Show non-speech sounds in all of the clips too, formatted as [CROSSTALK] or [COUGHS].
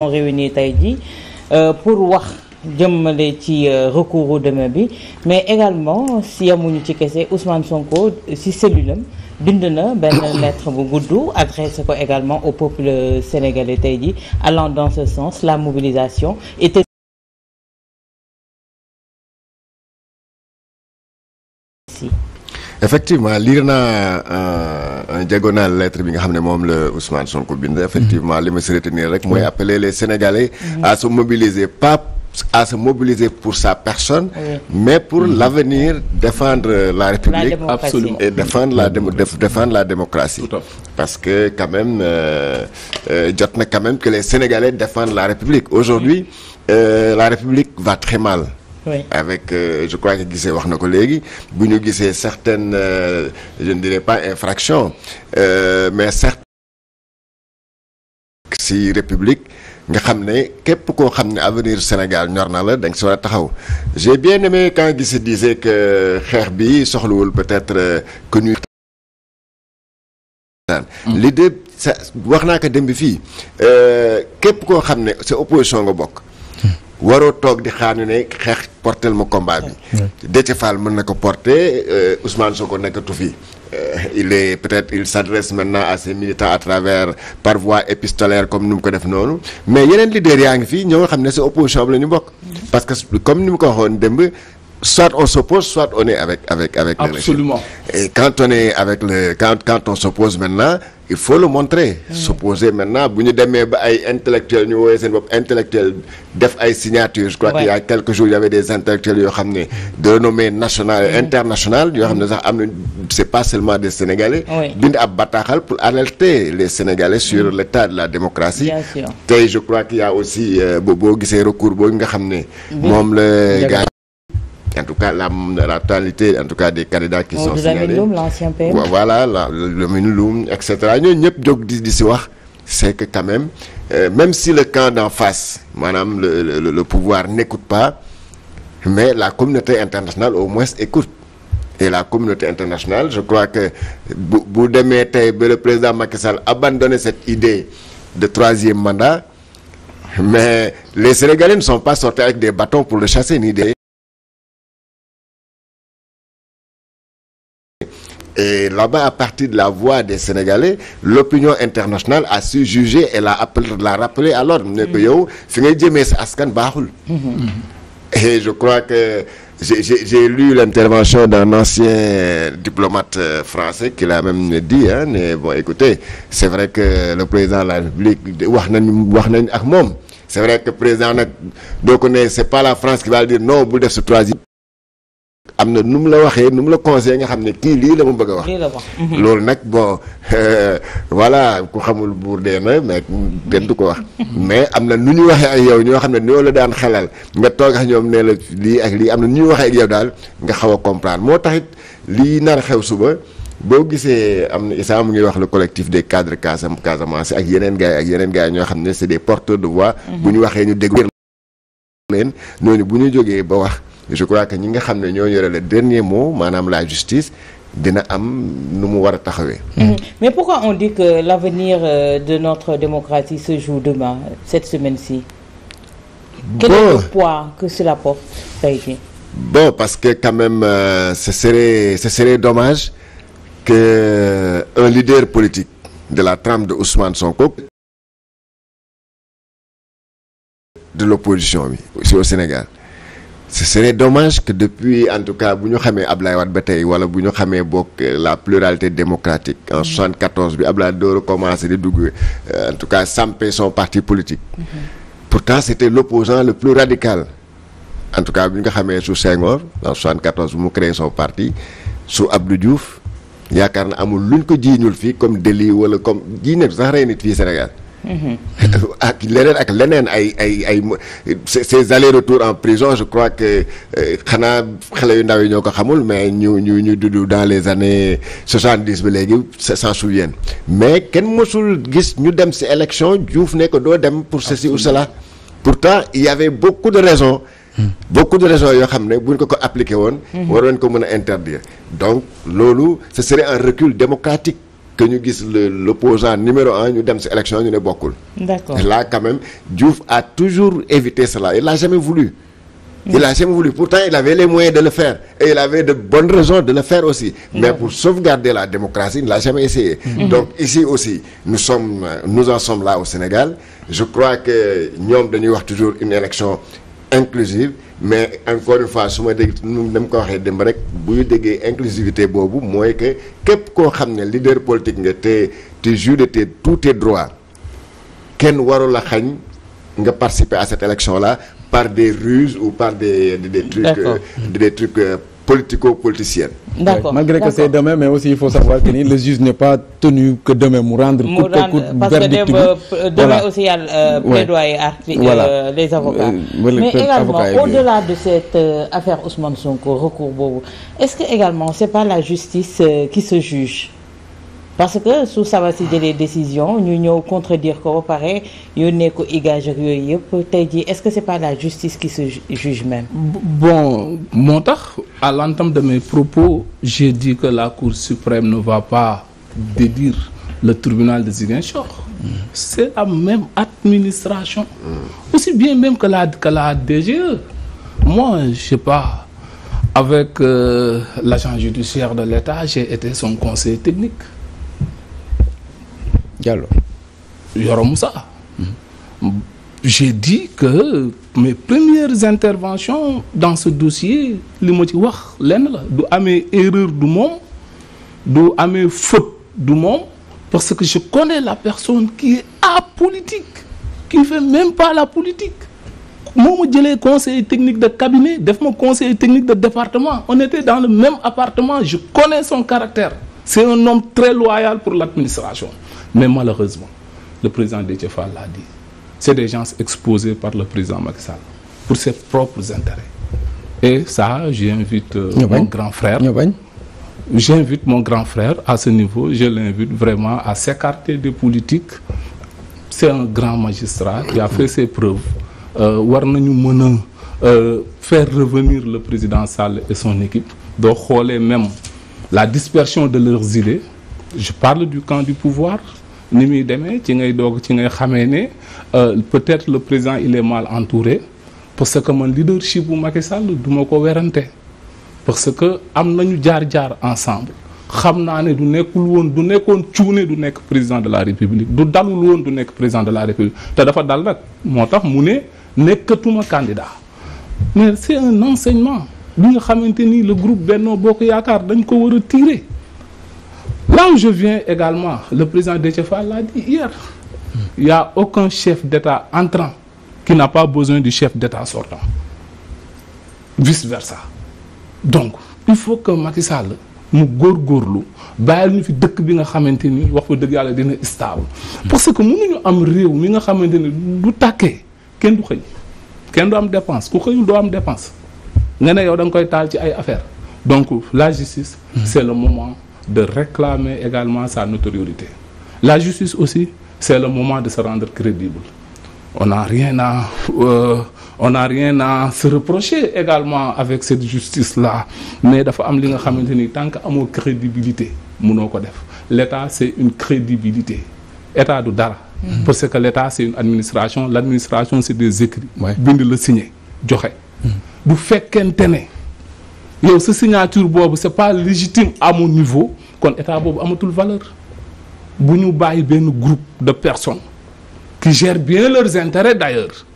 on réunit tey jii euh, pour wax jëmmale ci euh, recours demain bi mais également si yamuñu ci kese Ousmane ko si cellule am na benn [COUGHS] lettre bu gudd adressé ko également au peuple sénégalais tey jii allant dans ce sens la mobilisation était effectivement liir naa euh, un diagonal lettre bi nga xam ne moom la Ousmane Sonko bind. Mhm. effectivement li ma si retenir rek mooy appeler les Sénégalais. Mhm. à se mobiliser pas à se mobiliser pour sa personne. mais pour mhm. l'avenir défendre la République. absolument et défendre la défendre la démocratie. parce que quand même euh, euh, jot na quand même que les Sénégalais défendent la République. aujourd'hui la République va très mal. avec euh, je crois que gisee wax na ko léegi bu ñu gisee certaines euh, je ne dirais pas infraction euh, mais certes si république nga xam ne képp koo xam ne avenir Sénégal ñor na la da nga war a taxaw j'ai bien aimé quand Guissé disait que xeex bi soxlawul peut-être euh, que mm. wax naa ko dem bi fii euh, képp koo xam ne sa opposition nga bokk waroo toog di xaar ne xeex portel ma combat bi. Déthié mën na ko porter euh, Ousmane Sonko nekkatu fi. Euh, il est peut-être il s'adresse maintenant à ses militants à travers par voie épistolaire comme ni mu ko def noonu mais yeneen leaders yaa ngi fi ñoo nga xam ne si opposition bi la ñu bokk. parce que comme ni mu ko waxoon démb. soit on s'oppose soit on est avec avec avec. absolument et quand on est avec le quand s'oppose maintenant. il faut le montrer. supposé maintenant bu ñu demee ba ay intellectuels ñu woowee seen bopp intellectuel def ay signature je crois qu'il y a quelques yoo xam ne de renommée nationale mm. internationale yoo xam ne sax am na c' est pas seulement des sénégalais. bind ab bataaxal pour alerter les sénégalais sur mm. l' état de la démocratie. te je crois qu'il y aussi euh, boo boo gisee recours boobu nga xam ne. Mm-hmm. moom la En tout cas, la, la totalité en tout cas des candidats qui sont signalés. Voilà, la, le Loum, etc. ñooñu ñëpp jóg di di si wax c'est que quand même euh, même si le camp d'en face maanaam le, le le pouvoir n'écoute pas mais la communauté internationale au moins écoute. et la communauté internationale je crois que bu bu demee tey ba le président Macky Sall abandonné cette idée de troisième mandat mais les Sénégalais ne sont pas sortis avec des bâtons pour le chasser ni des là-bas, à partir de la voix des Sénégalais, l'opinion internationale a su juger et l'a appelé, l'a rappelé à l'ordre ne ko yow fi ngay jëmee sa askan baaxul. je crois que j'ai j'ai j'ai lu l'intervention d'un ancien diplomate euh, français qui l'a même dit hein mais bon c'est vrai que le président de la République wax nañu wax nañu ak moom c'est vrai que président nag doo ko ne c'est pas la France qui va dire non bul def troisième am na nu mu la waxee nu mu la conseillé nga xam ne kii lii la ma bëgg a wax. [LAUGHS] loolu nag boo [LAUGHS] voilà ku xamul buur dee na mais kenn du ko wax. [LAUGHS] mais am na nu ñu waxee ak yow ñoo xam ne ñoo la daan xelal nga toog ak ñoom ne la lii ak lii am na nu ñu waxee ak yow daal nga xaw a comprendre moo taxit lii nar a xew suba. boo gisee am na Issa mu ngi wax le collectif de cadres Casam Casamance ak yeneen gars yi ak yeneen gars ñoo xam ne c'est des porteurs de voix. Mm-hmm. bu ñu waxee ñu déglu leen. ñooñu bu ñu jógee ba wax. je crois que ñi nga xam ne ñoo yore le dernier mot maanaam la justice dina am nu mu war a taxawee. Mm-hmm. Mm-hmm. mais pourquoi on dit que l'avenir euh, de notre démocratie se joue demain cette semaine-ci. quel est le poids que cela porte Seydou. bon parce que quand même euh, ce serait ce serait dommage que euh, un leader politique de la trame de Ousmane Sonko. de l'opposition bi oui, au ce serait dommage que depuis en tout cas bu ñu xamee Ablaye Wade ba tey wala bu ñu xamee bokk euh, la pluralité démocratique en 74 mm-hmm. bi ab door a commencé di dugg euh, en tout cas sampe son parti politique. Mm -hmm. pourtant c' était l' opposant le plus radical. en tout cas bu ñu ko xamee su Senghor en 74 bu mu créé son parti su Abdou juuf yaakaar na amul luñ ko jiiñul fii comme délit wala comme jii nekk sax rey nit fii Sénégal. ak leneen ak leneen ay ay ay ces allers-retours en prison je crois que euh, xanaa xale yu ndaw yi ñoo ko xamul mais ñu ñu ñu dudd dans les années soixante dix ba léegi s'en souviennent mais kenn mosul gis ñu dem ci élection Diouf ne ko doo dem pour ceci ou cela pourtant il y avait beaucoup de raison hmm. beaucoup de raisons yoo xam ne buñ ko ko appliqué woon hmm. waroon ko mën a interdire donc loolu ce serait un recul démocratique que ñu gis le l'opposant numéro un ñu dem ci élection ñu ne bokkul. d'accord là quand a toujours évité cela il n'a jamais voulu. il n'a jamais voulu pourtant il avait les moyens de le faire et il avait de bonnes raisons de le faire aussi mm. mais pour sauvegarder la démocratie il ne l'a jamais essayé mm. Mm. donc ici aussi nous sommes nous en sommes là au Sénégal je crois que ñoom dañuy wax toujours une élection inclusive mais encore une fois su ma dégg nu ko waxee dem rek bu ñu déggee inclusivité boobu mooy que képp koo xam ne leader politique nga te te jus de tes tous tes droits kenn warul a xañ nga participer à cette élection la par des ruses ou par des des, des trucs euh, des, des trucs euh, politico-politicienne. D'accord. Malgré que c'est demain, mais aussi il faut savoir que le juge n'est pas tenu que demain mu rendre. mu rendre parce verdict. que demain euh, aussi il y a euh, ouais. plaidoyer arti euh, voilà. euh, les avocats. Euh, mais également au-delà de cette euh, affaire Ousmane Sonko recours boobu est-ce que également c'est pas la justice qui se juge. parce que su Sabassy jëlee décision ñu ñëw contredire ko ba pare yónnee ko igage yooyu yëpp tey jii est-ce que c'est pas la justice qui se juge même. bon moo tax à l'entame de mes propos j'ai dit que la Cour suprême ne va pas dédire le tribunal de Ziguinchor. c'est la même administration. Mm. aussi bien même que la que e. moi je sais pas. avec euh, l'agent judiciaire de l'État j'ai été son conseil technique. Diallo. Yoro Moussa. j'ai dit que mes premières interventions dans ce dossier li ma ci wax lenn la du amee erreur du moom du amee faute du moom parce que je connais la personne qui est apolitique qui ne fait même pas la politique moo ma jëlee conseiller technique de cabinet def ma conseiller technique de département on était dans le même appartement je connais son caractère c'est un homme très loyal pour l'administration Mais malheureusement, le président Détchefal l'a dit, c'est des gens exposés par le président Macky Sall pour ses propres intérêts. Et ça, j'invite euh, mon grand frère. J'invite mon grand frère à ce niveau, je l'invite vraiment à s'écarter des politiques. C'est un grand magistrat qui a fait ses preuves. Euh, war nañu mën a Euh, faire revenir le président Sall et son équipe doo xoolee même la dispersion de leurs idées je parle du camp du pouvoir ni muy demee ci ngay doog ci ngay xamee ne euh, peut-être le président il est mal entouré parce que man leadership bu Macky Sall du ma ko werante parce que am nañu jaar-jaar ensemble xam naa ne du nekkul woon du nekkoon cuune du nekk président de la république du dalul woon du nekk président de la république te dafa dal nag moo tax mu ne nekkatuma candidat mais c'est un enseignement bi nga xamante ni le groupe Benno Bokk Yaakaar dañ ko war a tirer Là où je viens également, le président Déthié l'a dit hier. Il n'y a aucun chef d'État entrant qui n'a pas besoin du chef d'État sortant. Vice-versa. Donc, il faut que mu góor mu góorgóorlu bàyyil ñu fi dëkk bi nga xamante ni wax fa dëgg yàlla dina stable. parce que mënuñu am réew mi nga xamante ni du tàkkee kenn du xëy kenn du am dépense ku xëyul doo am dépense nga ne yow da nga koy taal ci ay affaires donc la justice. Hmm. c'est le moment. de réclamer également sa notoriété la justice aussi c'est le moment de se rendre crédible on n'a rien à euh, on n'a rien à se reprocher également avec cette justice la mais dafa am li nga xamante ni tant que amoo crédibilité munoo ko def l'état c'est une crédibilité état du dara mm-hmm. parce que l'état c'est une administration l'administration c'est des écrits bind la signé joxe mm-hmm. bu fekkente ne yow sa signature boobu c'est pas légitime à mon niveau kon état boobu amatul valeur bu ñu bàyyi benn groupe de personne qui gèrent bien leurs intérêts d'ailleurs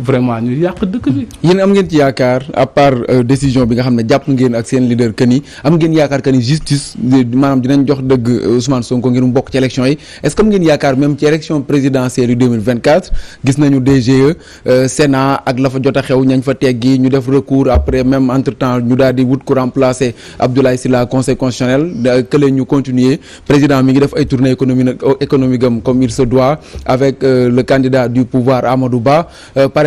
vraiment ñu yàq dëkk bi. yéen am ngeen ci yaakaar à part euh, décision bi nga xam ne jàpp ngeen ak seen leader que ni am ngeen yaakaar que ni justice euh, maanaam dinañ jox dëgg euh, Ousmane Sonko ngir mu bokk ci élection yi est ce que am ngeen yaakaar même ci élection présidentielle yu gis nañu DGE Sénat ak la fa jot a xew ñañ fa teggi ñu def recours après même entre temps ñu daal di wut ku remplacer Abdoulaye Sylla conseil constitutionnel kële ñu continuer président mi ngi def ay tournée économique économique am comme il se doit avec le du Ba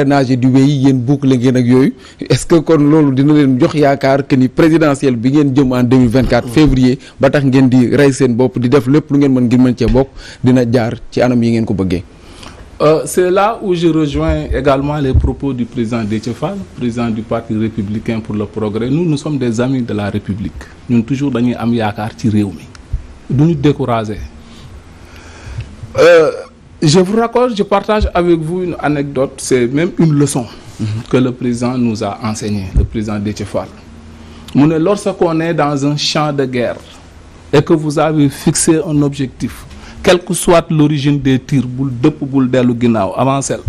parrainage yi di wéy yéen ngeen ak yooyu est que kon loolu dina leen jox yaakaar que ni présidentielle bi ngeen jëm en 2024 mm. février ba tax ngeen di rey seen bopp di def lépp lu ngeen mën ngir mën cee bokk dina jaar ci anam yi ngeen ko bëggee. Euh, c'est là où je rejoins également les propos du président Déthié Fall président du parti républicain pour le progrès nous nous sommes des amis de la république ñun toujours dañuy am yaakaar ci réew mi du ñu décourager. Euh, Je vous raconte, je partage avec vous une anecdote, c'est même une leçon mm -hmm. que le président nous a enseignée, le président Déthié Fall. mu ne lorsqu'on est dans un champ de guerre et que vous avez fixé un objectif, quelle que soit l'origine des tirs, bul dëpp bul dellu ginnaaw avancel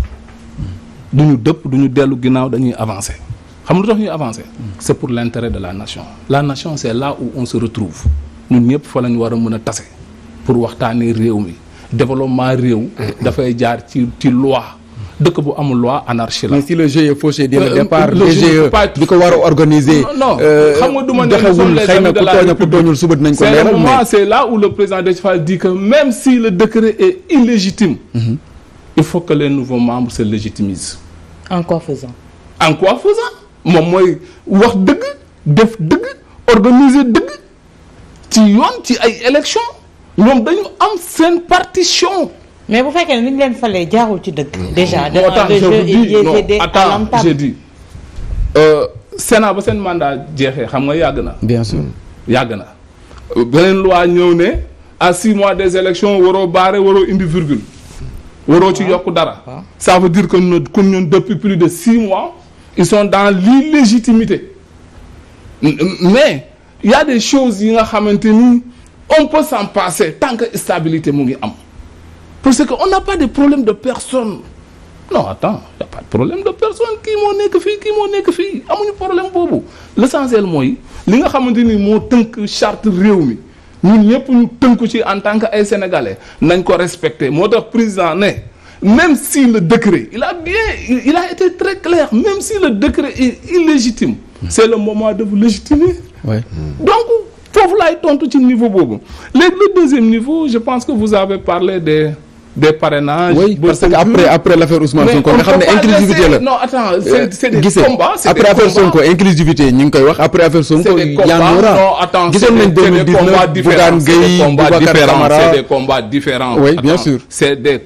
du ñu dëpp du ñu dellu ginnaaw dañuy avancer xam lu tax ñuy avancer. c'est pour l'intérêt de la nation. la nation c'est là où on se retrouve ñun ñëpp fa la ñu war a mën a tase pour waxtaanee réew mi. développement réew. dafay jaar ci ci loi. dëkk bu amul loi anarchie la. mais si le GIE est faussé dès le euh, départ. le GIE bi e e ko war a organiser. non euh, xam nga du ma ne doxewul xëy na ku tooñ ku tooñul suba dinañ ko leeral. mais c' est là où le président Déthié Fall dit que même si le décret est illégitime. Mhm. il faut que les nouveaux membres se légitimisent. en quoi faisant. en quoi faisant moom mooy wax dëgg def dëgg organiser dëgg ci yoon ci ay élections. ñoom dañu am seen partition. mais bu fekkee ne leen falee jaarul ci dëgg. déjà moo tax je vous di non attends j'ai dit euh, Sénat ba seen mandat jeexee xam nga yàgg na. bien yàgg na. beneen loi ñëw ne à six mois des élections waroo baare waroo indi virgule. waroo ci ah. yokk dara. Ah. ça veut dire que ñun comme ñun depuis plus de six mois. ils sont dans l'illégitimité mais il y a yi nga xamante ni. on peut s'en passer tant que stabilité mu ngi am parce que on n'a pas de problème de personne non attends y a pas de problème de personne kii moo nekk fii kii moo nekk fii amuñu problème boobu l'essentiel mooy li nga xamante ni moo tënk charte réew mi ñun ñëpp ñu tënku ci en tant que ay sénégalais nañ ko respecter moo tax président ne même si le décret il a bien il a été très clair même si le décret est illégitime c'est le moment de vous légitimer donc foofu laay tontu ci niveau boobu léegi le deuxième niveau je pense que vous avez parlé des des parrainages. oui parce que après après l'affaire Ousmane Sonko xam ne inclusivité la. non attends c'est euh, c'est des combats c'est des combats après affaire Sonko inclusivité ñu ngi koy wax après affaire Sonko y en aura. gisoon nañ 2019 Bougane Gueye Boubacar Camara c'est des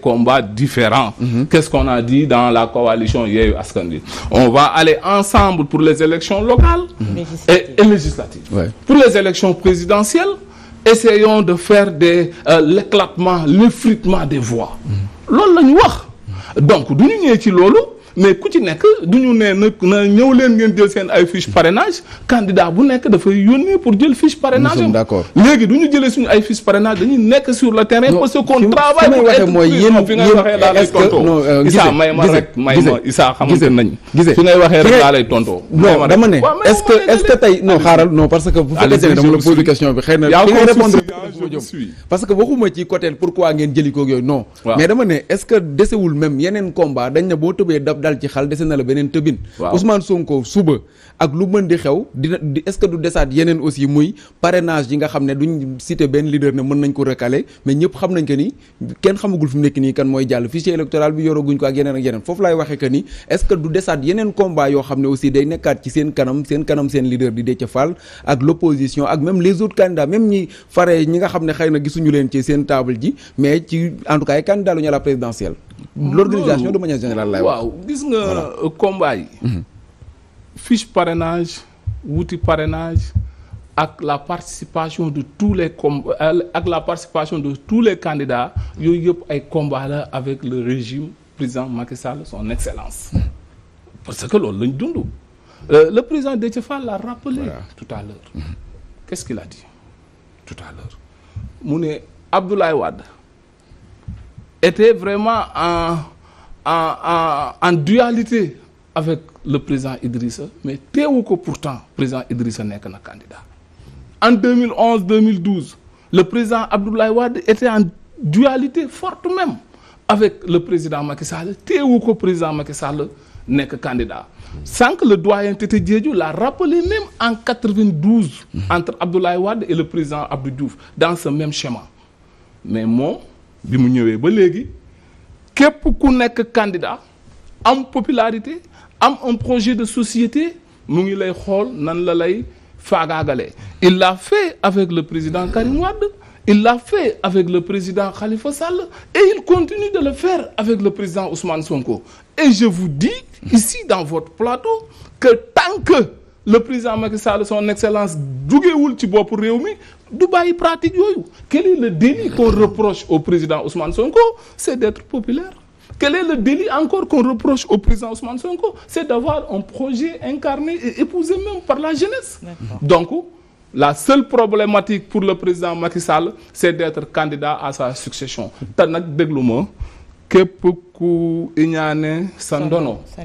a dit dans la coalition Yewwi Askan Wi on va aller ensemble pou les élections locales. Mhm. et législatives. pour les élections essayons de faire des euh, l'éclatement l'effritement des voix mm. loolu la ñu wax donc du ñu ñëwee ci loolu mais ku ci nekk du ñu ne na na ñëw leen ngeen jël seen ay fiche parrainage candidat bu nekk dafay yónnee pour jël fiche parrainage am nekk sur le terrain parce qu'on fi ngay waxee daa lay tontoo Issa may ma rek may ma Issa xamante lay tontoo non dama ne est-ce que est xaaral non parce que bu fekkee ne dama question bi xëy na yaa ko parce que waxuma ci côté pourquoi ngeen jëli koog yooyu non mais dama ne est desewul même yeneen combat dañ ne boo tëbee dab dal ci xal dese na la beneen tëbin Ousmane Sonko suba ak lu mën di xew dina est-ce du desaat yeneen aussi muy parrainage yi nga xam ne duñ cité benn leader ne mën nañ ko recalé mais ñëpp xam nañ que mu nekk nii kan mooy jàll fichier électoral bi yoraguñ ko ak yeneen waxee que ni est-ce que du desaat yeneen combat yoo xam ne aussi day nekkaat ci seen kanam seen kanam seen leader di Déthié Fall ak l'opposition ak même les autres candidats même ñi fare ñi nga xam ne xëy na gisuñu leen ci seen table ji mais ci en tout cas ay candidats lañu l'organisation de manière générale lay waaw gis nga euh, combat yi mhm. fiche parrainage wuti parrainage ak la participation de tous les com euh, ak la participation de tous les candidats yooyu yëpp ay combat la avec le régime président Macky Sall son excellence mhm. parce que loolu lañ dund euh, le président Déthié Fall l'a rappelé tout à l'heure mhm. qu'est-ce qu'il a dit tout à l'heure mu ne Abdoulaye était vraiment en en en en dualité avec le président Idrissa mais teewu ko pourtant président Idrissa nekk na candidat en 2011 2012 le président Abdoulaye Wade était en dualité forte même avec le président Macky Sall teewu ko président Macky Sall nekk candidat sànq le doyen Tete Diédhiou l'a rappelé même en 92 entre Abdoulaye Wade et le président Abdou Diouf dans ce même schéma mais moom bi mu ñëwee ba léegi képp ku nekk candidat am popularité am un projet de société mu ngi lay xool nan la lay faagaagalee il l'a fait avec le président Karim il l'a fait avec le président Khalifa Sall et il continue de le faire avec le président Ousmane Sonko et je vous dis ici dans votre plateau que tant que le président Macky son excellence jugewul ci boppu réew mi du bàyyi pratique yooyu quel est le délit qu'on reproche au président Ousmane Sonko c'est d'être populaire quel est le délit encore qu'on reproche au président Ousmane Sonko c'est d'avoir un projet incarné et épousé même par la jeunesse donc la seule problématique pour le président Macky Sall c'est d'être candidat à sa succession te nag déglu ma képp ku iñaane sa ndono sa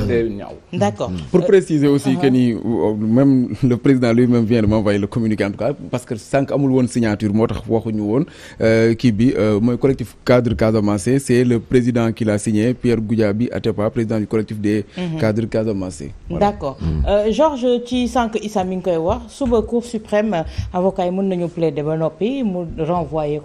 deewin ñaaw mm-hmm. d'accord mm-hmm. pour préciser aussi uh-huh. que ni euh, même le président lui-même vient de m'envoyer le communiqué en tout cas parce que sànq amul woon signature moo tax waxuñu woon euh, kii bi euh, mooy collectif cadre Casamance c'est le président qui l'a signé Pierre Goudiaby Atepa président du collectif des mm-hmm. cadres Casamance d'accord Georges ci sànq Issa mi ngi koy wax suba Cour suprême avocat yi mën nañu plaider ba noppi mu renvoyer